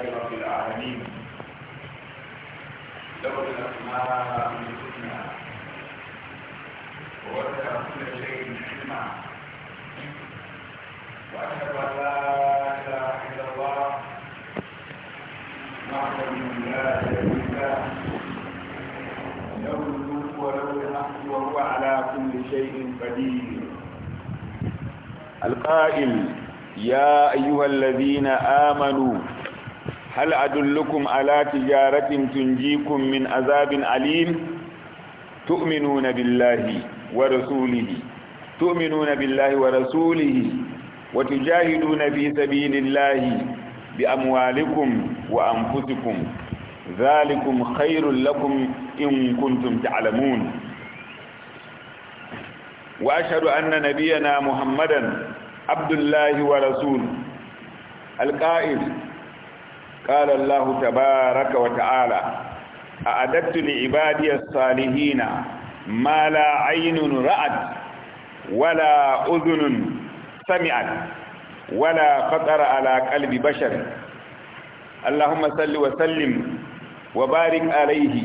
لله رب العالمين لقد له من الحسنى ووزع كل شيء علما وأشهد أن لا إله إلا الله وحده لا شريك له الملك وله الحمد وهو على كل شيء قدير القائل يا أيها الذين آمنوا هل أدلكم على تجارة تنجيكم من عذاب أليم تؤمنون بالله ورسوله تؤمنون بالله ورسوله وتجاهدون في سبيل الله بأموالكم وأنفسكم ذلكم خير لكم إن كنتم تعلمون وأشهد أن نبينا محمدا عبد الله ورسوله القائل قال الله تبارك وتعالى أعددت لعبادي الصالحين ما لا عين رأت ولا أذن سمعت ولا خطر على قلب بشر اللهم صل وسلم وبارك عليه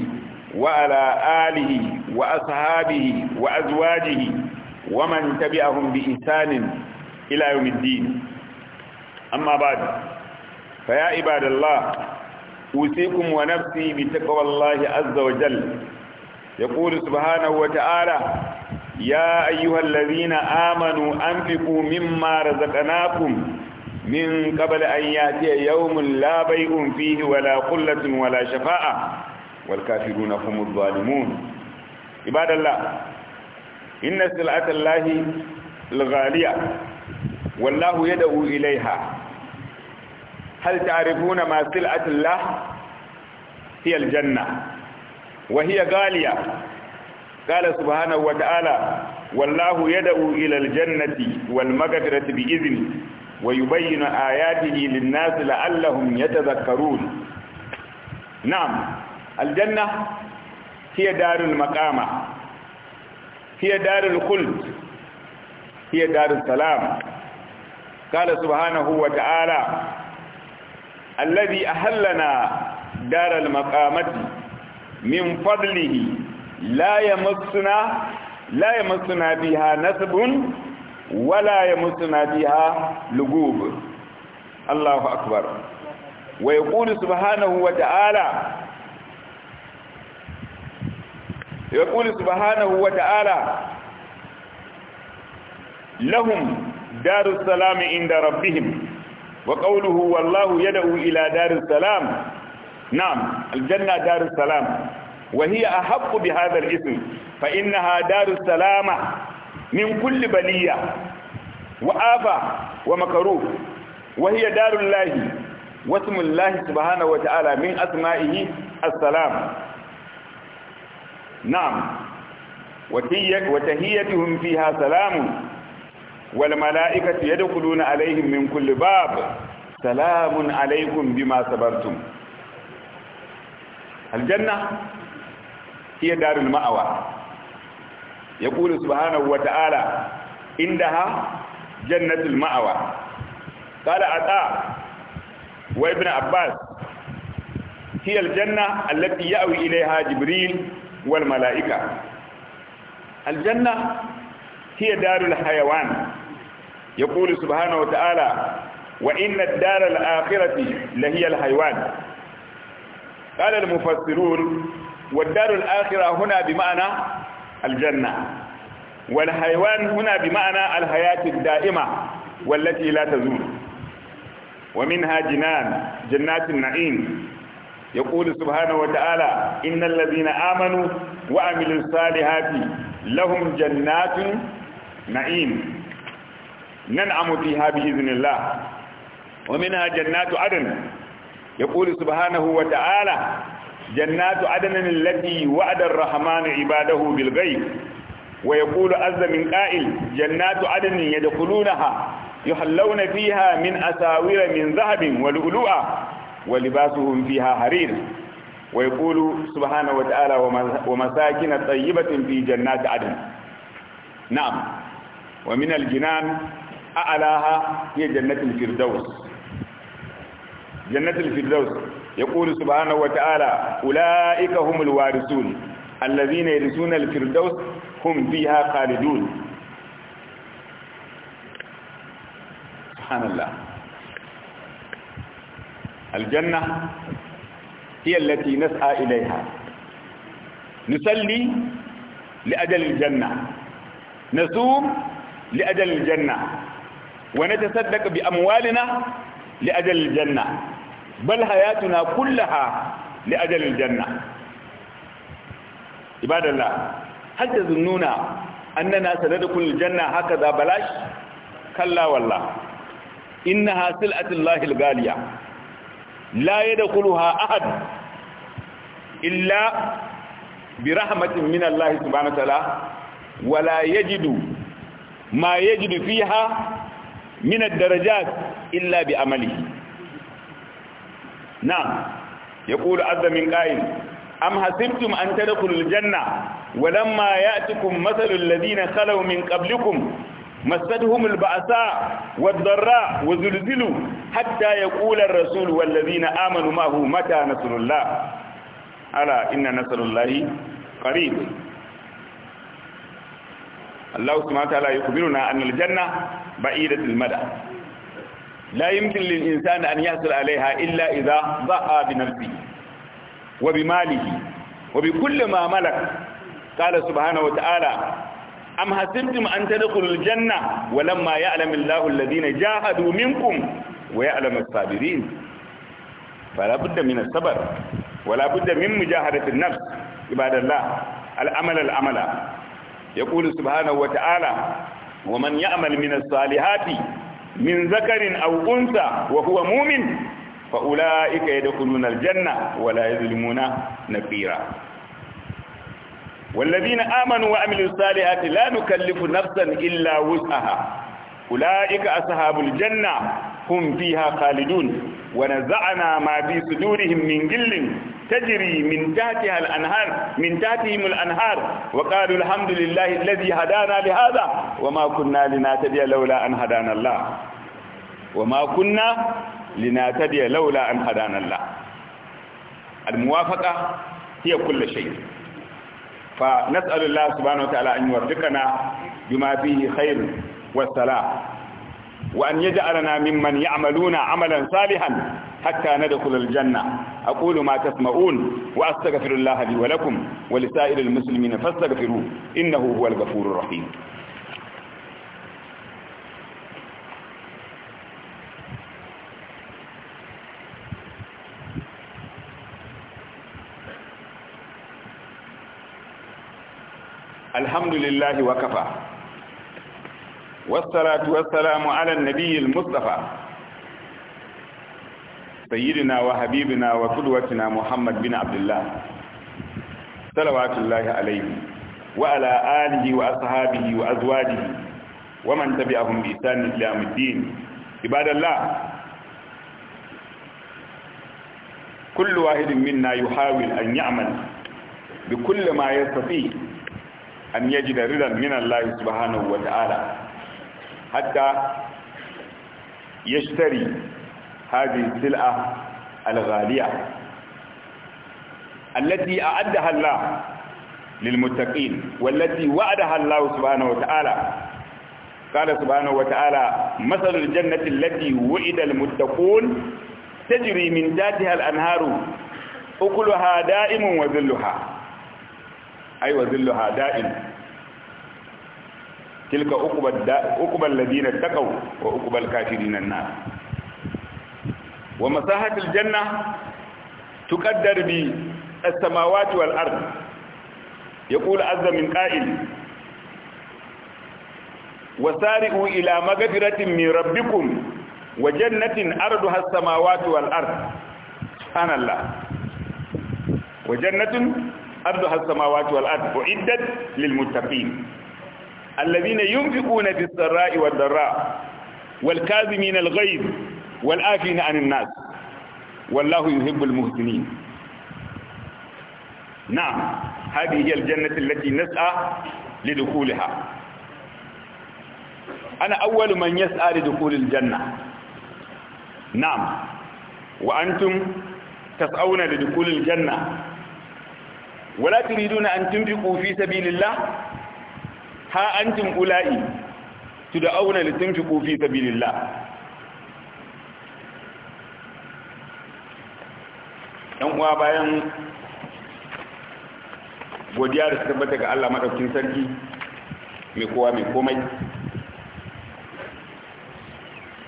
وعلى آله وأصحابه وأزواجه ومن تبعهم بإنسان إلى يوم الدين أما بعد فيا عباد الله أوصيكم ونفسي بتقوى الله عز وجل يقول سبحانه وتعالى يا أيها الذين آمنوا أنفقوا مما رزقناكم من قبل أن يأتي يوم لا بيع فيه ولا قلة ولا شفاعة والكافرون هم الظالمون عباد الله إن سلعة الله الغالية والله يدعو إليها هل تعرفون ما سلعة الله هي الجنة وهي غالية قال سبحانه وتعالى والله يدعو إلى الجنة والمغفرة بإذن ويبين آياته للناس لعلهم يتذكرون نعم الجنة هي دار المقامة هي دار الخلد هي دار السلام قال سبحانه وتعالى alladhi ahallana daral maqamati min fadlihi la yamassuna la yamassuna biha nasbun wala yamassuna biha lugub Allahu akbar wa yaqulu subhanahu wa ta'ala يقول سبحانه وتعالى لهم دار السلام عند ربهم وقوله والله يدعو إلى دار السلام نعم الجنة دار السلام وهي أحق بهذا الاسم فإنها دار السلام من كل بلية وآفة ومكروه وهي دار الله واسم الله سبحانه وتعالى من أسمائه السلام نعم وتهيتهم فيها سلام والملائكة يدخلون عليهم من كل باب سلام عليكم بما صبرتم الجنة هي دار المأوى يقول سبحانه وتعالى إنها جنة المأوى قال عطاء وابن عباس هي الجنة التي يأوي إليها جبريل والملائكة الجنة هي دار الحيوان يقول سبحانه وتعالى وإن الدار الآخرة لهي الحيوان قال المفسرون والدار الآخرة هنا بمعنى الجنة والحيوان هنا بمعنى الحياة الدائمة والتي لا تزول ومنها جنان جنات النعيم يقول سبحانه وتعالى إن الذين آمنوا وعملوا الصالحات لهم جنات نعيم ننعم فيها بإذن الله ومنها جنات عدن يقول سبحانه وتعالى جنات عدن التي وعد الرحمن عباده بالغيب ويقول عز من قائل جنات عدن يدخلونها يحلون فيها من أساور من ذهب ولؤلؤة ولباسهم فيها حرير ويقول سبحانه وتعالى ومساكن طيبة في جنات عدن نعم ومن الجنان أعلاها هي جنة الفردوس جنة الفردوس يقول سبحانه وتعالى أولئك هم الوارثون الذين يرثون الفردوس هم فيها خالدون سبحان الله الجنة هي التي نسعى إليها نسلي لأجل الجنة نصوم لأجل الجنة ونتصدق بأموالنا لأجل الجنة بل حياتنا كلها لأجل الجنة عباد الله هل تظنون أننا سندخل الجنة هكذا بلاش كلا والله إنها سلعة الله الغالية لا يدخلها أحد إلا برحمة من الله سبحانه وتعالى ولا يجد ma ya ji da fi ha minar daraja illa bi amali na ya kula azamin ƙa'in am hasibtum an tare janna wadan ma ya cikin matsalin ladina kalau min ƙablikun masadhum alba'sa wadarra wa zulzilu hatta ya ar-rasul wal ladina amanu ma huwa mata nasrullah ala inna nasrullahi qareeb Allah subhanahu wa ta'ala yukbiruna anna al-janna ba'idatul mada la yumkin lil insani an yahsul 'alayha illa idha dha'a bi nafsihi wa bi malihi wa bi kulli ma malak qala subhanahu wa ta'ala am hasibtum an tadkhulul janna wa lamma ya'lamu Allahu alladhina jahadu minkum wa ya'lamu as-sabirin fala amala يقول سبحانه وتعالى ومن يعمل من الصالحات من ذكر أو أنثى وهو مؤمن فأولئك يدخلون الجنة ولا يظلمون نفيرا والذين آمنوا وعملوا الصالحات لا نكلف نفسا إلا وسعها أولئك أصحاب الجنة هم فيها خالدون ونزعنا ما في صدورهم من جل تجري من تحتها الأنهار من تحتهم الأنهار وقالوا الحمد لله الذي هدانا لهذا وما كنا لنهتدي لولا أن هدانا الله وما كنا لنهتدي لولا أن هدانا الله الموافقة هي كل شيء فنسأل الله سبحانه وتعالى أن يوفقنا بما فيه خير والسلام وأن يجعلنا ممن يعملون عملا صالحا حتى ندخل الجنة أقول ما تسمعون وأستغفر الله لي ولكم ولسائر المسلمين فاستغفروه إنه هو الغفور الرحيم الحمد لله وكفى والصلاة والسلام على النبي المصطفى سيدنا وحبيبنا وقدوتنا محمد بن عبد الله صلوات الله عليه وعلى آله وأصحابه وأزواجه ومن تبعهم بإحسان إلى يوم الدين عباد الله كل واحد منا يحاول أن يعمل بكل ما يستطيع أن يجد رضا من الله سبحانه وتعالى حتى يشتري هذه السلعة الغالية التي أعدها الله للمتقين والتي وعدها الله سبحانه وتعالى قال سبحانه وتعالى مثل الجنة التي وعد المتقون تجري من ذاتها الأنهار أكلها دائم وذلها أي أيوة وذلها دائم تلك أقبى, أقبى الذين اتقوا وأقبى الكافرين النار ومساحة الجنة تقدر بالسماوات والأرض يقول عز من قائل وسارئوا إلى مغفرة من ربكم وجنة أرضها السماوات والأرض سبحان الله وجنة أرضها السماوات والأرض أعدت للمتقين الذين ينفقون في السراء والضراء والكاذمين الغيظ والآفين عن الناس والله يحب المهتمين نعم هذه هي الجنة التي نسعى لدخولها أنا أول من يسعى لدخول الجنة نعم وأنتم تسعون لدخول الجنة ولا تريدون أن تنفقوا في سبيل الله ha antum ula'i auna litunfiqu fi sabilillah Dan uwa bayan godiya da tabbata ga Allah madaukakin sarki mai kowa mai komai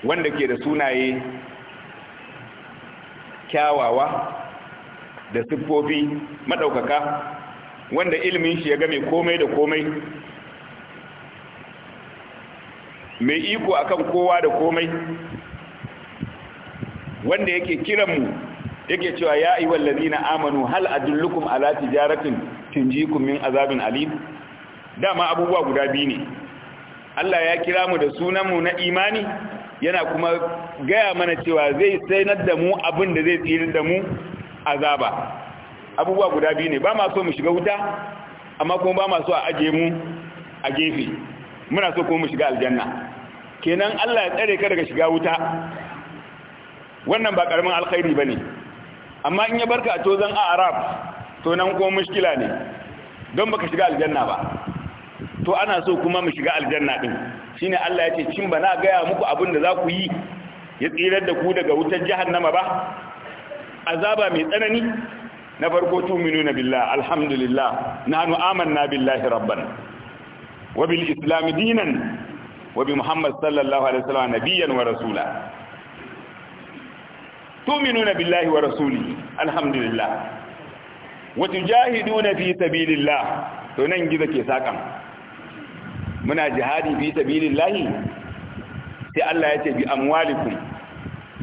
wanda ke da sunaye kyawawa da siffofi madaukaka wanda ilimin shi ya ga mai komai da komai mai iko akan kowa da komai wanda yake kiranmu yake cewa ya ayi wallazina amanu hal adullukum ala tijaratin tunjikum min azabin alim dama abubuwa guda biyu ne Allah ya kira mu da sunanmu na imani yana kuma gaya mana cewa zai sainar da mu abin da zai tsirin da mu azaba abubuwa guda biyu ne ba ma so mu shiga wuta amma kuma ba ma so a aje mu a gefe muna so kuma mu shiga aljanna kenan Allah ya tsare ka daga shiga wuta wannan ba karamin alkhairi bane amma in ya barka a tozan a arab to nan kuma mushkila ne don baka shiga aljanna ba to ana so kuma mu shiga aljanna din shine Allah ya ce cin ba na gaya muku abin da za ku yi ya tsirar da ku daga wutar jahannama ba azaba mai tsanani na farko tuminuna billah alhamdulillah nahnu amanna billahi rabban wa bil islam dinan wa bi Muhammad sallallahu alaihi wasallam nabiyyan wa rasula tu'minuna billahi wa rasulihi alhamdulillah wa tujahiduna fi sabilillah to nan gida ke sakan muna jihadi fi sabilillah sai Allah ya ce bi waliku.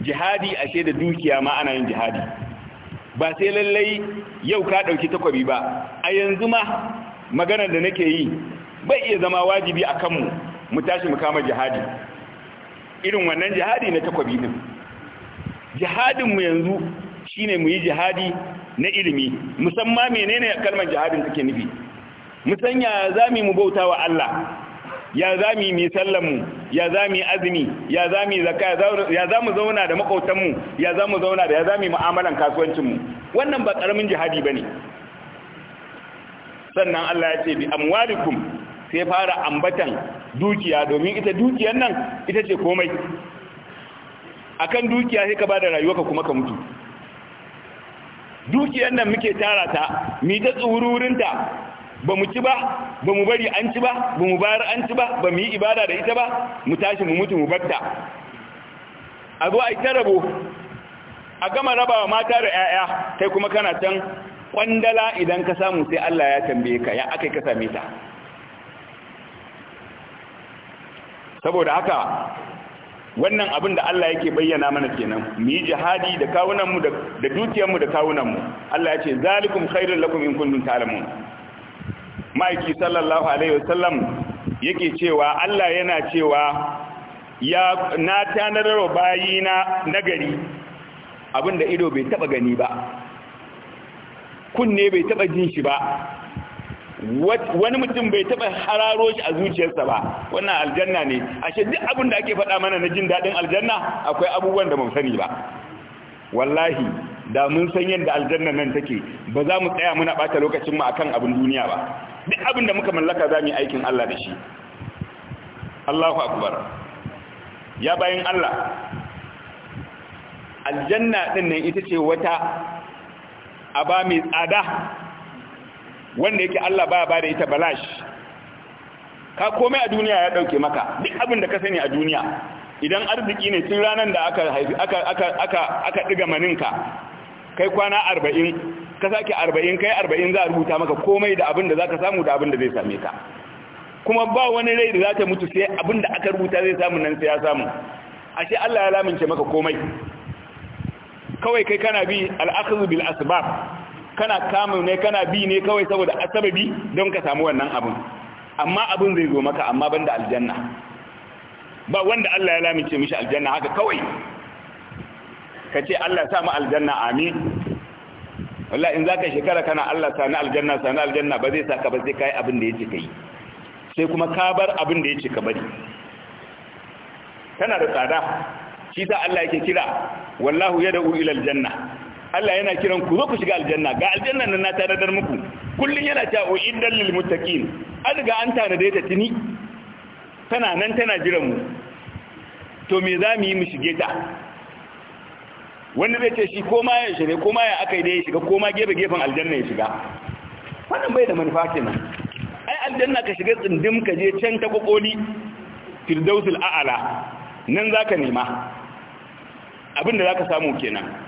jihadi ashe da dukiya ma ana yin jihadi ba sai lallai yau ka ɗauki takwabi ba a yanzu ma maganar da nake yi bai iya zama wajibi a kanmu mu tashi mu kama jihadi irin wannan jihadi na takwabi din jihadin mu yanzu shine mu yi jihadi na ilimi musamman menene kalmar jihadin take nufi musan ya zami mu bauta wa Allah ya zami mu sallamu ya zami azumi ya zami zakka ya zamu zauna da makautan mu ya zamu zauna da ya zami mu'amalan kasuwancin mu wannan ba karamin jihadi bane sannan Allah ya ce bi amwalikum sai fara ambatan dukiya domin ita dukiyar nan ita ce komai akan dukiya sai ka bada rayuwarka kuma ka mutu dukiyar nan muke tara ta mi ta tsururinta ba mu ci ba ba mu bari an ci ba ba mu bayar an ci ba ba mu yi ibada da ita ba mu tashi mu mutu mu batta a zo ita rabo a gama raba wa mata da 'ya'ya kai kuma kana can kwandala idan ka samu sai Allah ya tambaye ka ya aka ka same ta saboda haka wannan abin da Allah yake bayyana mana kenan mu yi jihadi da kawunan mu da dukiyar mu da kawunan mu Allah ya ce zalikum khairul lakum in kuntum ta'lamun maiki sallallahu alaihi wasallam yake cewa Allah yana cewa ya na bayi na nagari abinda ido bai taba gani ba kunne bai taba jin shi ba wani mutum bai taba hararo shi a zuciyarsa ba wannan aljanna ne ashe duk abin da ake faɗa mana na jin daɗin aljanna akwai abubuwan da mun sani ba wallahi da mun san yadda aljanna nan take ba za mu tsaya muna ɓata lokacinmu akan abin duniya ba duk abin da muka mallaka za mu yi aikin Allah da shi Allahu akbar ya bayin Allah aljanna din nan ita ce wata aba mai tsada wanda yake Allah baya bada ita balash ka komai a duniya ya dauke maka duk abin da ka sani a duniya idan arziki ne tun ranar da aka haifi aka aka aka aka diga maninka kai kwana 40 ka sake 40 kai 40 za a rubuta maka komai da abin da zaka samu da abin da zai same ka kuma ba wani rai da za mutu sai abin da aka rubuta zai samu nan sai ya samu ashe Allah ya lamince maka komai kawai kai kana bi al-akhdhu bil asbab kana kama ne kana bi ne kawai saboda asabi don ka samu wannan abin amma abin zai zo maka amma banda aljanna ba wanda Allah ya lamince mishi aljanna haka kawai ka ce Allah sa mu aljanna amin wallahi in zaka shekara kana Allah sa ni aljanna sa ni aljanna ba zai saka ba sai kai abin da yake kai sai kuma ka bar abin da yake ka bari tana da tsada shi sa Allah yake kira wallahu yad'u ila aljanna Allah yana kiran ku zo ku shiga aljanna ga aljanna nan na tanadar muku kullun yana ta o iddal lil muttaqin an ga an da ita tini tana nan tana jira mu to me za mu yi mu shige ta wanda zai ce shi koma ya shige koma ya akai da ya shiga koma gefe gefen aljanna ya shiga wannan bai da manufa kenan ai aljanna ka shiga tsindim ka je can ta kokoli firdausul a'ala nan zaka nema abinda zaka samu kenan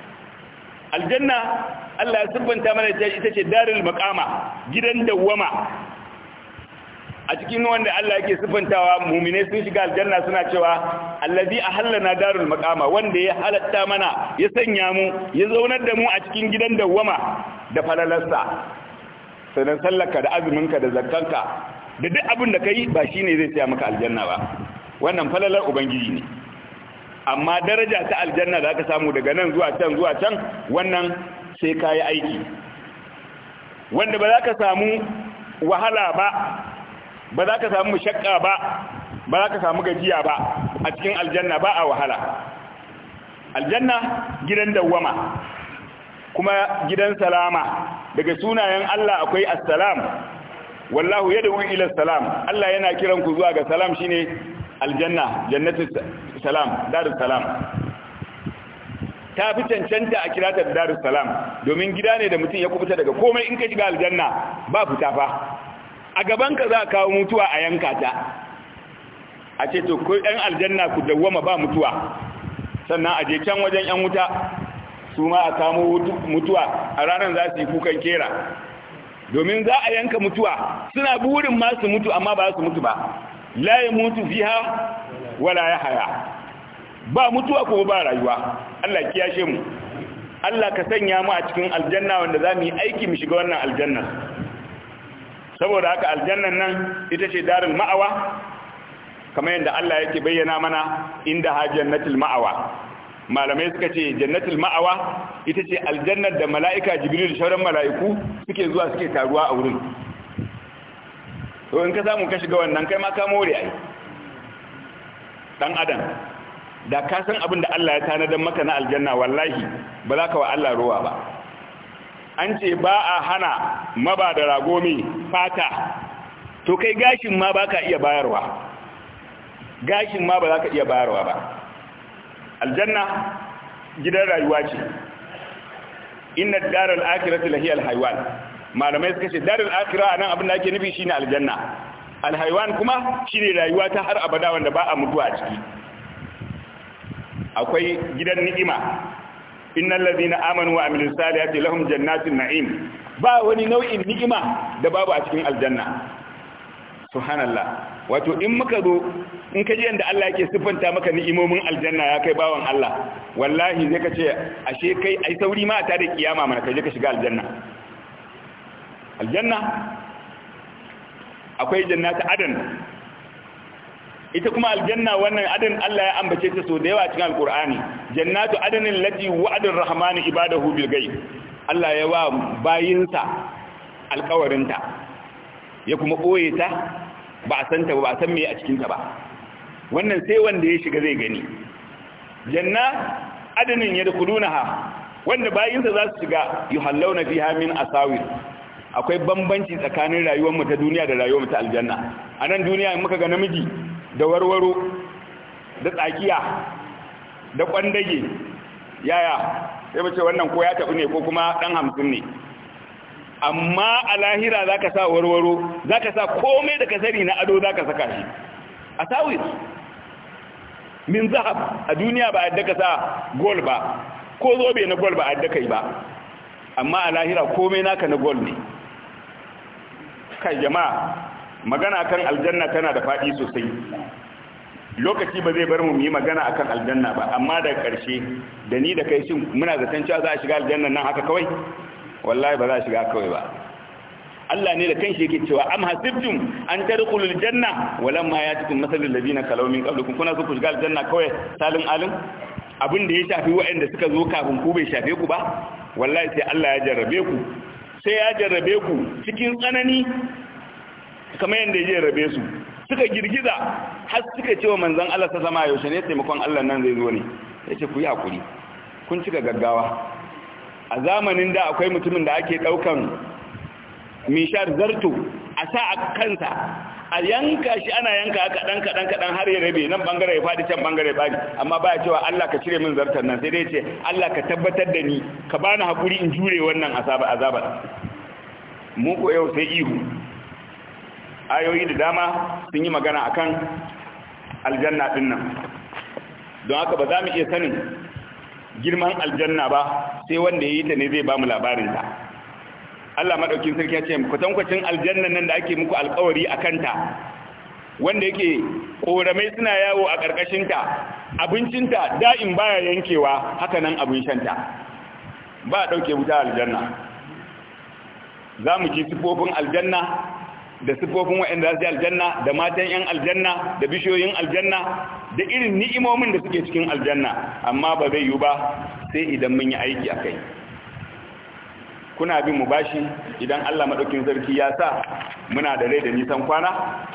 aljanna Allah ya sabbanta mana ita ce darul maqama gidan dawwama a cikin wanda Allah yake sabbantawa mu'mine sun shiga aljanna suna cewa allazi ahallana darul maqama wanda ya halatta mana ya sanya mu ya zaunar da mu a cikin gidan dawama da falalarsa sanan sallarka da azuminka da zakkanka da duk abin da kai ba shine zai tsaya maka aljanna ba wannan falalar ubangiji ne amma daraja ta aljanna za ka samu daga nan zuwa can zuwa can wannan sai ka yi aiki wanda ba za ka samu wahala ba ba za ka samu shakka ba ba za ka samu gajiya ba a cikin aljanna ba a wahala aljanna gidan dawwama kuma gidan salama daga sunayen Allah akwai assalam wallahu yad'u ila salam Allah yana kiran ku zuwa ga salam shine aljanna jannatin salam darus salam ta fi cancanta a kirata da darus salam domin gida ne da mutum ya kubuta daga komai in ka shiga aljanna ba fita fa a gabanka za a kawo mutuwa a yanka ta a ce to ko ɗan aljanna ku dawwama ba mutuwa sannan a je can wajen ‘yan wuta su ma a samu mutuwa a ranar za su yi kukan kera domin za a yanka mutuwa suna burin masu mutu amma ba su mutu ba la ya mutu fiha wala ya haya ba mutuwa ko ba rayuwa Allah ya kiyashe mu Allah ka sanya mu a cikin aljanna wanda za mu yi aiki mu shiga wannan aljanna saboda haka aljannan nan ita ce darul ma'awa kamar yadda Allah yake bayyana mana inda ha jannatul ma'awa malamai suka ce jannatul ma'awa ita ce aljannar da mala'ika jibril da sauran mala'iku suke zuwa suke taruwa a wurin to in ka samu ka shiga wannan kai ma ka more ai dan adam da ka san abin da Allah ya tanadar maka na aljanna wallahi ba za ka wa Allah ruwa ba an ce ba a hana mabada da rago me fata to kai gashin ma ba ka iya bayarwa gashin ma ba za ka iya bayarwa ba aljanna gidan rayuwa ce inna daral akhirati lahiyal haywan malamai suka ce darul akira nan abin da ake nufi shine aljanna alhaiwan kuma shine rayuwa ta har abada wanda ba a mutuwa a ciki akwai gidan ni'ima innal ladina amanu wa amilus salihati lahum jannatin na'im ba wani nau'in ni'ima da babu a cikin aljanna subhanallah wato in muka zo in ka ji yanda Allah yake sifanta maka ni'imomin aljanna ya kai bawan Allah wallahi zai ka ashe kai ai sauri ma ta da kiyama mana kaje je ka shiga aljanna aljanna akwai janna ta adan ita kuma aljanna wannan adan Allah ya ambace ta so da yawa cikin alkur'ani jannatu adanin lati wa'adar rahmanu ibadahu bil ghaib Allah ya wa bayinsa alkawarinta ya kuma koye ta ba a santa ba ba san me a cikin ta ba wannan sai wanda ya shiga zai gani janna adanin yadkhulunaha wanda bayinsa za su shiga yuhallawna fiha min asawir akwai bambanci tsakanin rayuwar mu ta duniya da rayuwar mu ta aljanna a nan duniya in muka ga namiji da warwaro da tsakiya da kwandage yaya sai mace wannan ko ya tafi ne ko kuma dan hamsin ne amma a lahira za ka sa warwaro za ka sa komai da ka sani na ado za ka saka shi a tawis min zahab a duniya ba a yadda ka sa gol ba ko zobe na gol ba a yadda kai ba amma a lahira komai naka na gol ne kai jama'a magana kan aljanna tana da faɗi sosai lokaci ba zai bar mu yi magana akan aljanna ba amma da ƙarshe da ni da kai shin muna zaton cewa za a shiga aljanna nan haka kawai wallahi ba za a shiga kawai ba Allah ne da kanshi yake cewa am hasibtum an tadkhulul janna walamma yatikum mathalul ladina kalaw min qablikum kuna zuku shiga aljanna kawai salin alim abin da ya shafi waɗanda suka zo kafin ku bai shafe ku ba wallahi sai Allah ya jarrabe ku sai ya jarrabe ku cikin tsanani kamar yadda ya jarrabe su suka girgiza har suka ce wa manzan Allah ta zama yaushe ne taimakon Allah nan zai zo ne ya ce ku yi hakuri kun cika gaggawa a zamanin da akwai mutumin da ake ɗaukan mishar zarto a sa a kansa a yanka shi ana yanka haka kaɗan kaɗan kadan har ya rabe nan bangare ya faɗi can bangare ya amma baya cewa Allah ka cire min zartar nan sai dai ce Allah ka tabbatar da ni ka bani hakuri in jure wannan azaba azaba mu ko yau sai ihu ayoyi da dama sun yi magana akan aljanna din nan don haka ba za mu iya sanin girman aljanna ba sai wanda ya yi ta ne zai ba mu labarin ta Allah madaukin sarki ya ce kwatankwacin aljanna nan da ake muku alkawari a kanta wanda yake koramai suna yawo a ƙarƙashinta abincinta da'in baya yankewa haka nan abin shanta ba ɗauke wuta aljanna za mu ci sifofin aljanna da sifofin waɗanda za su aljanna da matan 'yan aljanna da bishiyoyin aljanna da irin ni'imomin da suke cikin aljanna amma ba zai yi ba sai idan mun yi aiki a kai kuna bin mu bashi idan Allah madaukin sarki ya sa muna da rai da nisan kwana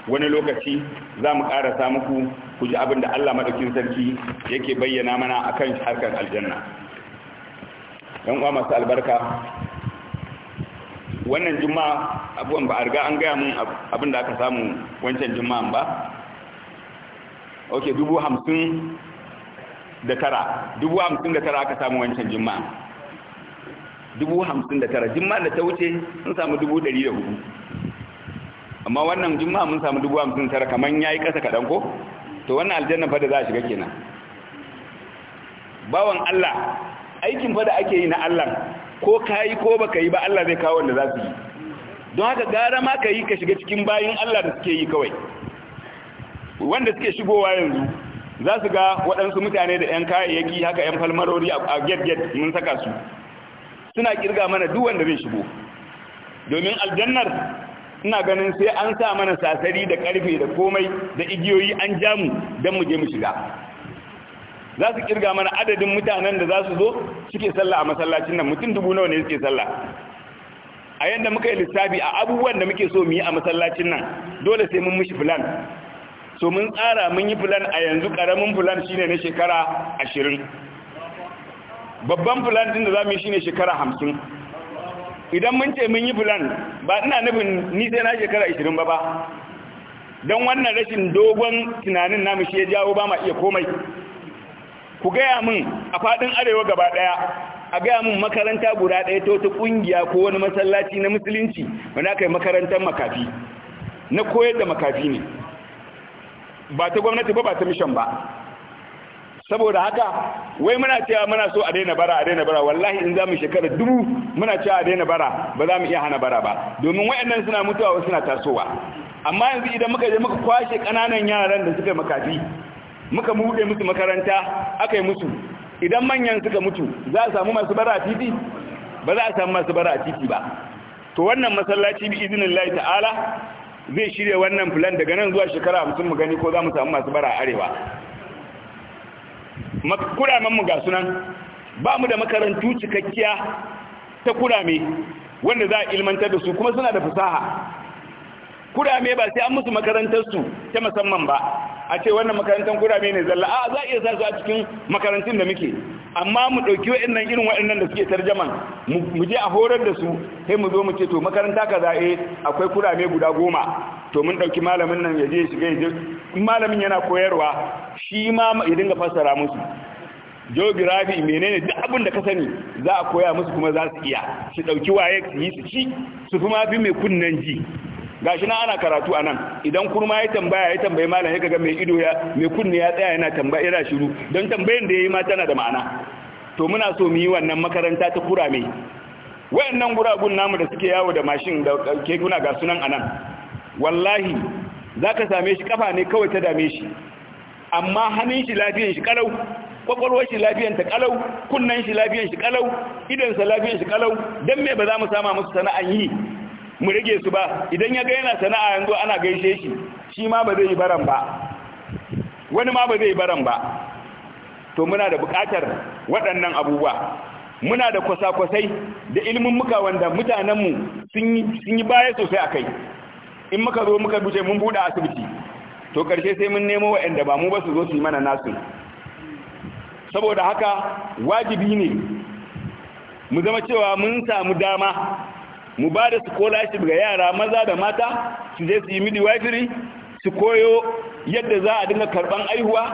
wani lokaci za mu karasa muku ku ji abin da Allah madaukin sarki yake bayyana mana akan harkar aljanna dan uwa masu albarka wannan juma'a abuwan ba a riga an gaya mun abin da aka samu wancan juma'an ba ok dubu hamsin da tara dubu hamsin da tara aka samu wancan juma'a dubu hamsin da tara jimma da ta wuce sun samu dubu ɗari da hudu amma wannan jimma mun samu dubu hamsin tara kamar ya yi ƙasa kaɗan ko to wannan aljannan fada za a shiga kenan bawan Allah aikin fada ake yi na Allah ko ka yi ko baka yi ba Allah zai kawo wanda za su yi don haka gara ma ka yi ka shiga cikin bayin Allah da suke yi kawai wanda suke shigowa yanzu za su ga waɗansu mutane da 'yan kayayyaki haka 'yan falmarori a get-get mun saka su suna kirga mana duk wanda zai shigo domin aljannar ina ganin sai an sa mana sasari da karfe da komai da igiyoyi an jamu don muje mu shiga za su kirga mana adadin mutanen da za su zo suke sallah a masallacin nan mutum dubu nawa ne suke sallah a yadda muka yi lissafi a abubuwan da muke so mu yi a masallacin nan dole sai mun mishi filan so mun tsara mun yi filan a yanzu karamin filan shine na shekara ashirin babban plan din da za mu yi shine shekara hamsin idan mun ce mun yi plan ba ina nufin ni sai na shekara ishirin ba ba don wannan rashin dogon tunanin namu shi ya jawo ba ma iya komai ku gaya min a faɗin arewa gaba ɗaya a gaya mun makaranta guda ɗaya ta wata ƙungiya ko wani masallaci na musulunci wanda aka yi makarantar makafi na koyar da makafi ne ba ta gwamnati ba ba ta mishan ba saboda haka wai muna cewa muna so a daina bara a daina bara wallahi in za mu shekara dubu muna cewa a daina bara ba za mu iya hana bara ba domin wayannan suna mutuwa wasu suna tasowa amma yanzu idan muka je muka kwashe kananan yaran da suka makafi muka buɗe musu makaranta aka yi musu idan manyan suka mutu za a samu masu bara a titi ba za a samu masu bara a titi ba to wannan masallaci bi izinin lai ta'ala zai shirya wannan filan daga nan zuwa shekara hamsin mu gani ko za mu samu masu bara a arewa kuramen mu ga sunan ba mu da makarantu cikakkiya ta kurame wanda za a ilmantar da su kuma suna da fasaha kurame ba sai an musu makarantar su ta musamman ba a ce wannan makarantar kurame ne zalla a za a iya sa su a cikin makarantun da muke amma mu ɗauki waɗannan irin waɗannan da suke tarjaman mu je a horar da su sai mu zo mu ce to makaranta ka za'e eh, akwai kurame guda goma to mun ɗauki malamin nan ya je shi ga yanzu malamin yana koyarwa shi ma ya dinga fassara musu geography menene duk abin da ka sani za a koya musu kuma za su iya su ɗauki waye su yi su ci su fi mafi mai kunnen ji gashi na ana karatu anan idan kurma ya tambaya ya tambayi malam ya kaga mai ido ya mai kunne ya tsaya yana tambaya yana shiru don tambayin da ya yi ma tana da ma'ana to muna so mu yi wannan makaranta ta kurame wayannan guragun namu da suke yawo da mashin da kekuna ga sunan anan wallahi za ka same shi kafa ne kawai ta dame shi amma hannun shi lafiyan shi kalau kwakwalwar shi lafiyan ta kalau kunnan shi lafiyan shi kalau idan sa lafiyan shi kalau don me ba za mu sama musu sana'an yi mu rage su ba idan ya ga yana sana'a yanzu ana gaishe shi shi ma ba zai yi baran ba wani ma ba zai yi baran ba to muna da buƙatar waɗannan abubuwa muna da kwasa-kwasai da ilimin muka wanda mutanenmu sun yi baya sosai a kai in muka zo muka buce mun buɗe asibiti to ƙarshe sai mun nemo waɗanda ba mu ba su zo su yi mana nasu saboda haka wajibi ne mu zama cewa mun samu dama mu ba da scholarship ga yara maza da mata su je su yi midwifery su koyo yadda za a dinga karban aihuwa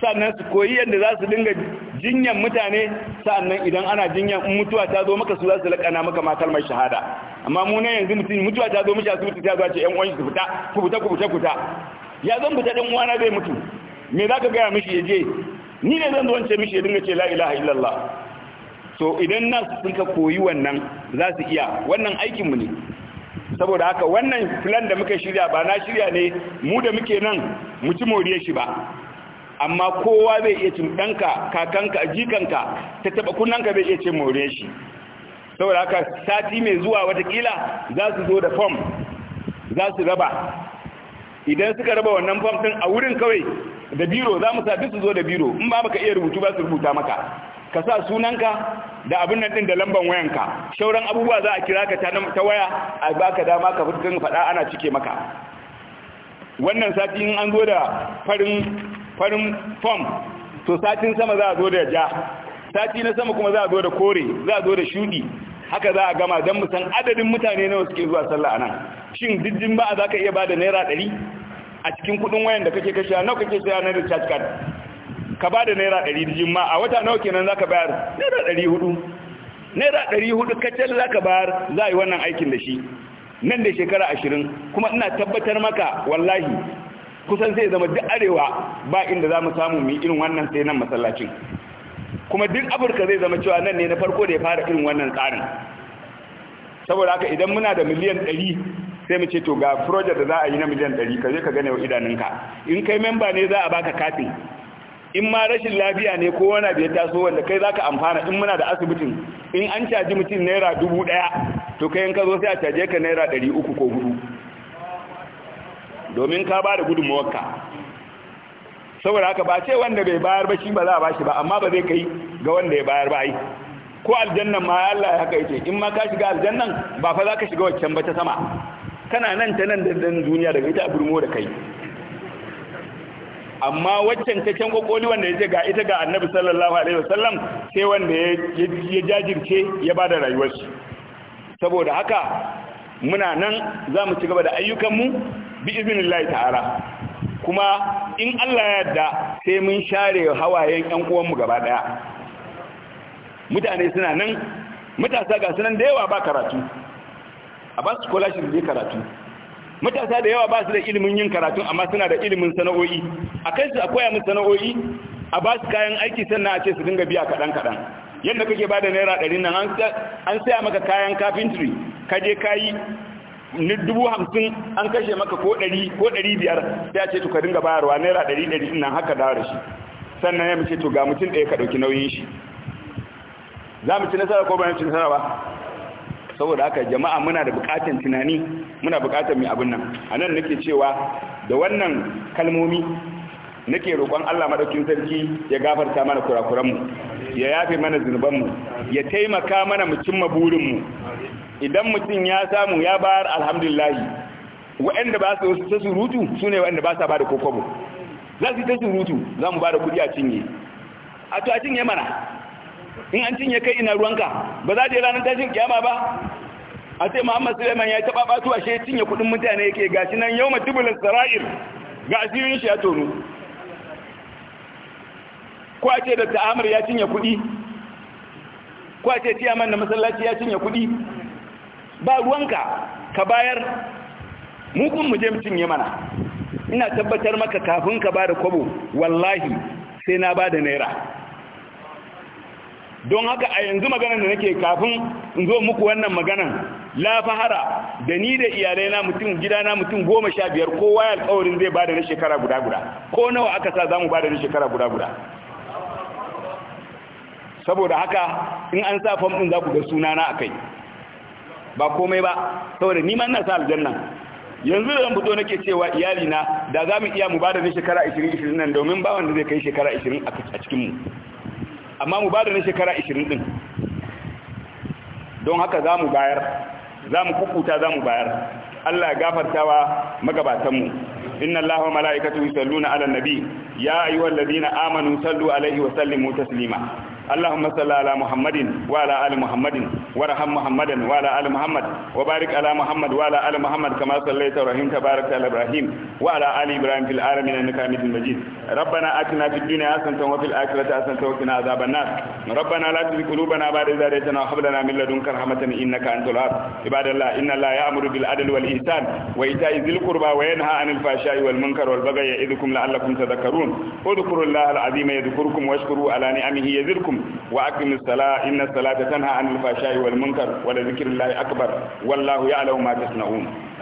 sannan su koyi yadda za su dinga jinyan mutane sannan idan ana jinyan mutuwa ta zo maka su za su lakana maka matar mai shahada amma mu yanzu mutum mutuwa ta zo mishi asibiti ta zo ce yan uwan su fita ku fita ku fita ku fita ya zan fita ɗan uwana zai mutu me zaka ga mishi ya je ni ne zan zo wance mishi ya dinga ce la ilaha illallah so idan nas sun ka koyi wannan za su iya wannan aikinmu ne saboda haka wannan filan da muka shirya ba na shirya ne mu da muke nan mu ci moriyar shi ba amma kowa zai iya cin ɗanka kakanka jikanka ta taɓa kunnanka zai iya cin moriye shi saboda haka sati mai zuwa watakila za su zo da fom za su raba idan suka raba wannan fom ɗin a wurin kawai da biro za mu sa su zo da biro in ba maka iya rubutu ba su rubuta maka ka sa sunanka da abin nan din da lamban wayanka shauran abubuwa za a kira ka ta waya a baka dama ka fitin faɗa ana cike maka wannan sati in an zo da farin farin form to satin sama za a zo da ja sati na sama kuma za a zo da kore za a zo da shudi, haka za a gama don musan adadin mutane nawa suke zuwa sallah anan shin diddin ba za ka iya bada naira ɗari a cikin kuɗin wayan da kake kashe nawa kake saya na recharge card ka ba da naira ɗari dijin ma a wata nawa kenan za ka bayar naira ɗari hudu naira ɗari hudu kacal za ka bayar za a yi wannan aikin da shi nan da shekara ashirin kuma ina tabbatar maka wallahi kusan sai zama duk arewa ba inda za mu samu mu irin wannan sai nan masallacin kuma duk afirka zai zama cewa nan ne na farko da ya fara irin wannan tsarin saboda haka idan muna da miliyan ɗari sai mu ce to ga project da za a yi na miliyan ɗari ka je ka gane wa idanunka in kai memba ne za a baka katin in ma rashin lafiya ne ko wani abu ya taso wanda kai zaka amfana in muna da asibitin in an caji mutum naira dubu ɗaya to kai ka zo sai a caje ka naira ɗari uku ko hudu domin ka ba da gudun mawaka saboda haka ba ce wanda bai bayar ba shi ba za a bashi ba amma ba zai kai ga wanda ya bayar ba ai ko aljannan ma Allah ya haka yake in ma ka shiga aljannan ba fa za ka shiga waccan ba ta sama kana nan ta nan da duniya daga ita a burmo da kai amma waccan ta can kokoli wanda ya ce ga ita ga annabi sallallahu alaihi wasallam sai wanda ya jajirce ya ba da rayuwarsu saboda haka muna nan za mu ci gaba da ayyukanmu bi iznillahi ta'ala kuma in Allah ya yarda sai mun share hawayen ƴan uwanmu gaba daya mutane suna nan matasa ga sunan da yawa ba karatu a ba su scholarship je karatu matasa da yawa ba su da ilimin yin karatu amma suna da ilimin sana'o'i a kai su a koya musu sana'o'i a ba su kayan aiki sannan a ce su dinga biya kaɗan kaɗan yadda kake ba da naira ɗari nan an saya maka kayan kafintiri ka je ka yi dubu hamsin an kashe maka ko ɗari ko ɗari biyar sai a ce to ka dinga bayarwa naira ɗari ɗari nan haka dawo da shi sannan ya mace to ga mutum ɗaya ka ɗauki nauyin shi za mu ci nasara ko ba mu ci nasara ba saboda haka jama'a muna da bukatan tunani muna bukatun mai abin nan a nan nake cewa da wannan kalmomi nake roƙon Allah madaukin sarki ya gafarta mana kurakuranmu ya yafe mana zunubanmu ya taimaka mana mu cimma burinmu idan mutum ya samu ya bayar alhamdulillah waɗanda ba su ta surutu su ne waɗanda ba sa ba da kokobo za su ta surutu za mu ba da kuɗi a cinye a to a cinye mana in an cinye kai ina ruwanka ba za ta yi ranar tashin kiyama ba a sai muhammad suleiman ya taba batu a shi cinye kuɗin mutane yake gashi nan yau matubulin sara'ir ga asirin shi ya tonu ko a ce da ta'amar ya cinye kuɗi ko a ce Tiyaman da masallaci ya cinye kuɗi ba ruwanka ka bayar mukun mu je mu cinye mana ina tabbatar maka kafin ka ba da kwabo wallahi sai na ba da naira don haka a yanzu maganar da nake kafin in zo muku wannan maganan la fahara da ni da iyalai na mutum gidana mutum goma sha biyar kowa ya alkawarin zai bada na shekara guda guda ko nawa aka sa za mu bada na shekara guda guda saboda haka in an sa fam ɗin za ku ga sunana a kai ba komai ba saboda ni ma ina sa aljanna yanzu da zan fito nake cewa iyalina da za mu iya mu bada na shekara 20 20 nan domin ba wanda zai kai shekara 20 a cikinmu amma mu bada na shekara 20 din don haka za mu bayar za mu kukuta za mu bayar Allah ya gafartawa magabatanmu inna Allaha wa mala'ikatahu yusalluna 'alan nabi ya ayyuhallazina amanu sallu alaihi wa sallimu taslima اللهم صل على محمد وعلى ال محمد وارحم محمدا وعلى ال محمد وبارك على محمد وعلى ال محمد كما صليت ورحمت بارك على ابراهيم وعلى ال ابراهيم في العالمين انك حميد مجيد ربنا اتنا في الدنيا حسنه وفي الاخره حسنه وقنا عذاب النار ربنا لا تزغ قلوبنا بعد إذ هديتنا وهب لنا من لدنك رحمه انك انت الوهاب عباد الله ان الله يامر بالعدل والاحسان وايتاء ذي القربى وينهى عن الفحشاء والمنكر والبغي يعظكم لعلكم تذكرون اذكروا الله العظيم يذكركم واشكروا على نعمه يزدكم minkum inna aqimis salata innas an nufa anil fahsai wal munkar wa la dhikrillahi akbar wallahu ya'lamu ma tasna'un